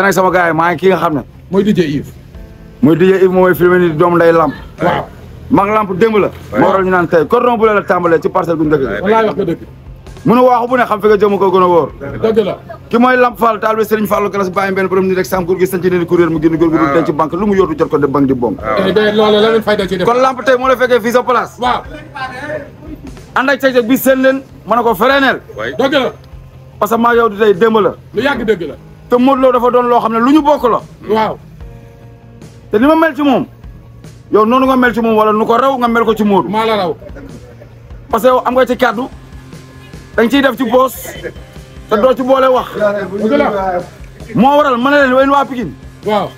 tey nag sama gars yi maa ngi ki nga xam ne. mooy DJ Yves. mooy DJ Yves moom ni doom nday lamp. mag lamp démb la. moo waral ñu naan tey cordon la tàmbalee ci parcelle bu ñu dëkk. walaay wax bu ne xam fi nga jëm ko gën a wóor. la ki mooy Lamp Fall taal bi Serigne Fallou Galas bàyyi benn borom ni rek sàmm gi sañ ci neen kuréel mu génn góor gu ah. dul ah. eh kon Lamp tey moo la fekkee fii sa place. waaw. ànd ak ceg-ceg bi seen leen mën na ko freneel. dëgg di tey démb la. lu la. te Modou dafa doon loo xam ne lu ñu bokk la. waaw te ni ma mel ci moom yow noonu nga mel ci moom wala nu ko raw nga mel ko ci Modou. maa la raw. que yow am nga ci kàddu da nga ciy def ci boos te doo ci boole wax. moo waral ma ne leen wéy waa Pikine. waaw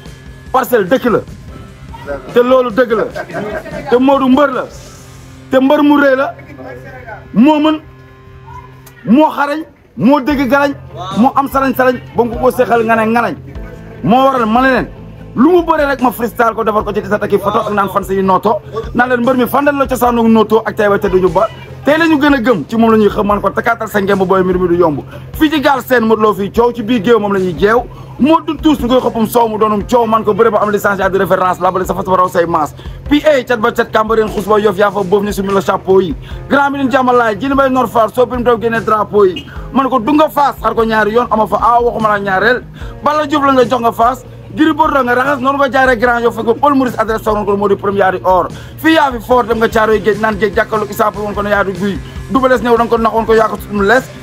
dëkk la. te loolu dëgg la te Modou mbër la te mbër mu rëy la moo mën moo xarañ. moo dégg garañ moo am salañ salañ ba nga ko seexal nga ne ngarañ moo waral ma ne leen lu mu bëree rek ma freestyle ko defar ko ci tisat ak i photo ak naan fan sa yi nooto naan leen mi fandal la cosaanu nootoo ak tay wa te duñu tey la ñu gën a gëm ci moom la ñuy xam man ko takaatal sa ngemb booy mbir mi ci gaal seen Modou Lo fii ci biir géew moom la ñuy jeew moo du tuus ñu koy xoppum soow mu doonum coow man ko bëre am licence de référence la bale sa fas ba raw say ba cat kambareen xus ba yof yaa fa boof ni sumi la chapeau yi grand bi din jàmmalaay jili bay nor faar soo pim daw génne drapeau yi man ko du nga xar ko ñaari yoon ama fa a ah, waxuma la ñaareel bala jub la nga jox Gris Bordeaux nga raxas noonu nga jaaree Grand Yoff fekk ko Paul Maurice adresse ko moo di premier yaari or fii yaa dem nga caarooy géej naan géej jàkkaarloo Issa woon ko ne yaa di guy dubales ñëw da nga ko naxoon ko yaa ko sutum les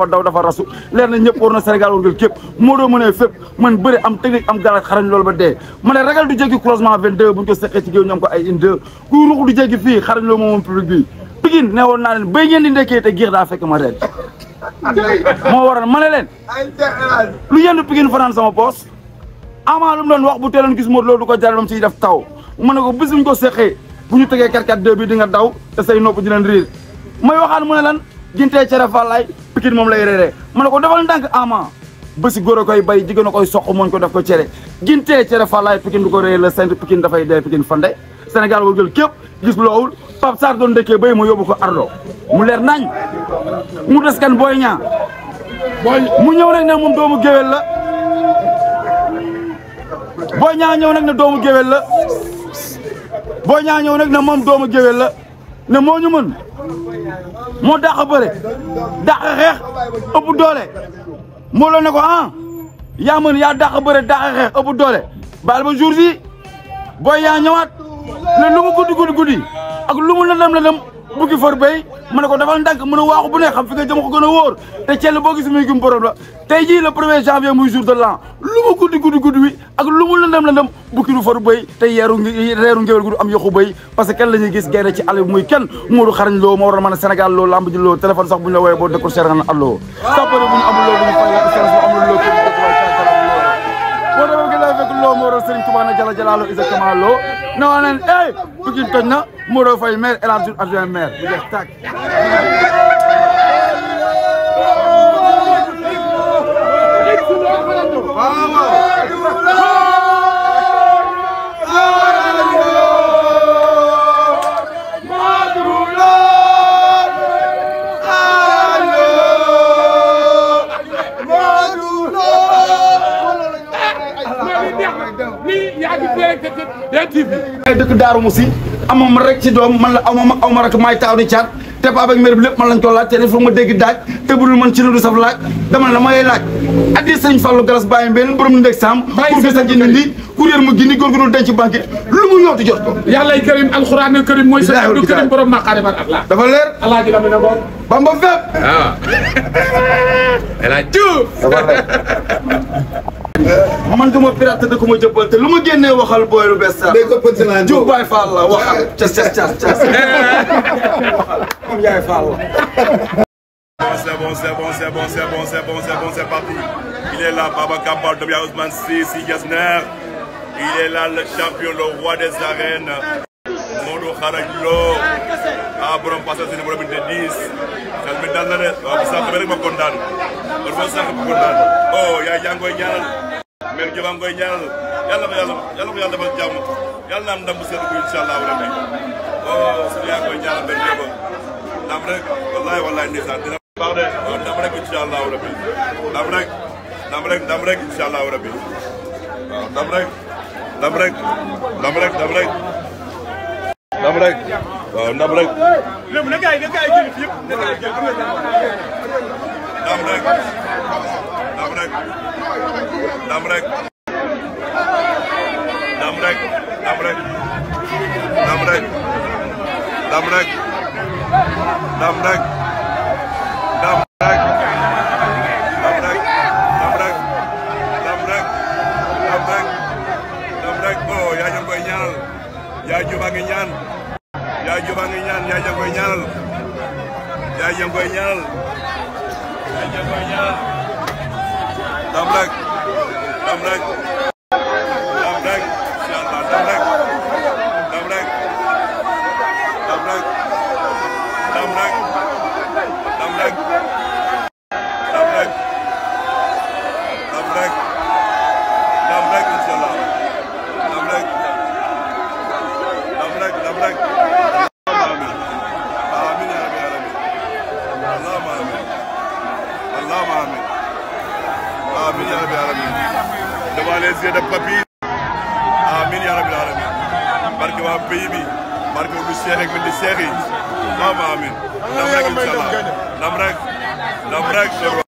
dafa daw dafa rasu leer na ñëpp war na Sénégal war nga képp moo doo mënee fépp man bëri am technique am galaat xarañ loolu ba dee ma ne ragal du jéggi croisement 22 bu ñu ko seqee ci géew daa fekk ma reen moo waral ma leen lu yendu Pikine fanaan sama poos amaa lu doon wax bu teeloon gis Modou Lo du ko jaral moom ciy def taw ma ne ko bis buñ ko seqee bu ñu tegee karkat deux bi di nga daw te say nopp di leen riir may waxaan mu ne lan gintee cere fàllaay Pikine moom lay reeree ma ne ko defal ndànk ama bési góor a koy bay jigéen a koy soq mooñ ko def ko cere gintee cere fàllaay Pikine du ko réer la centre Pikine dafay dee Pikine fande Sénégal war jël képp gis loowul Pape Sarr doon dëkkee bay mu yóbbu ko Ardo mu leer nañ mu des kan booy ñaa mu ñëw nag ne moom doomu géwél la booy ñaa ñëw nag ne doomu géwél la booy ñaa ñëw nag ne moom doomu géwél la ne moo ñu mën moo bëre dàq xeex ëpp doole mbooloo ne ko ah yaa mën yaa dàq a bëre dàq xeex ëpp doole baal ba jour si booy yaa ñëwaat ne lu mu guddi guddi guddi ak lu mu lëndëm lëndëm bukki for bay mu ne ko dafal ndànk mën a waaxu bu ne xam fi nga jëm ko gën a wóor te cell boo gis muy gum borom la tey jii le premier janvier muy jour de l'an lu mu guddi guddi guddi wi ak lu mu lëndëm bukki du for bay tey yeeru reeru ngéwél gudu am yoxu bay parce que kenn la ñuy gis gaynde ci àll muy kenn Modou xarañ loo moo waroon mën a Sénégal loo lamb ji loo téléphone sax bu ñu la wooyee boo dëkkul seeran alloo amul loo bu ñu loo boo demee a na jala Pikine toj na Modou Faye maire El Hadj Diouf adjoint maire bu jeex tàkk ay dëkk Daaru Musi amam rek ci doom man la aw ma mag aw ma rak maay taaw ni caat te papa ak ma dégg daaj te budul man ci lu du saf laaj dama ne la ma lay laaj addi sëñ Fallou Galas Baye Mbène borom ndeg saam pour fi sa jënd ndi kuréel mu gindi góor gu doon denc banque lu mu yootu jot ko yàllay karim borom maqaari bar Allah dafa leer Allah ji a man duma pirate da ko ma jëppal te lu ma génnee waxal booy lu bees sax. dégg ko Petit Diop Baye Fall la waxal cas cas cas cas. waxal comme Yaay Fall la. C'est bon, c'est bon, c'est bon, c'est bon, c'est bon, c'est bon, c'est parti. Il est là, Baba Kampal, Domia Ousmane Sissi Yasner. Il est là, le champion, le roi des arènes. Modou Xarañ Lo. ah borom passé si borom it 10. xel mi dal na de waaw bu sax rek ma kontaan. kon boo mère Gueye maa ngi koy ñaanal yàlla ko yàlla yàlla ko yàlla defal jàmm yàlla na am ndam bu sedd bu incha allah rabbi waaw oh, suñu yaa ngi koy ñaanal mère Gueye ba ndam rek wallahi wallahi ndeysaan dina baax de waaw oh, ndam rek incha allah rabbi ndam rek ndam rek ndam rek incha allah rabbi waaw oh, ndam rek ndam rek ndam rek ndam rek ndam rek waaw ndam rek ndam rek rek dam rek dam rek dam rek dam rek dam rek dam rek dam yaa juba ngi ñaan yaa juba ngi ñaan yaa ja koy ñaanal yaa ja koy ñaanal yaa ja koy ñaanal dam rek dam rek dam rek inshallah dam rek dam rek dam rek dam rek dam rek dam rek dam rek dam rek inshallah dam rek dam rek dam rek amin amin amin allahumma amin allahumma amin amin ya rabbil alamin devant les yeux de papi amin ya rabbil alamin barke waa pays bi barke bu seex ak bindi seex yi amin ndam rek inshallah ndam rek ndam rek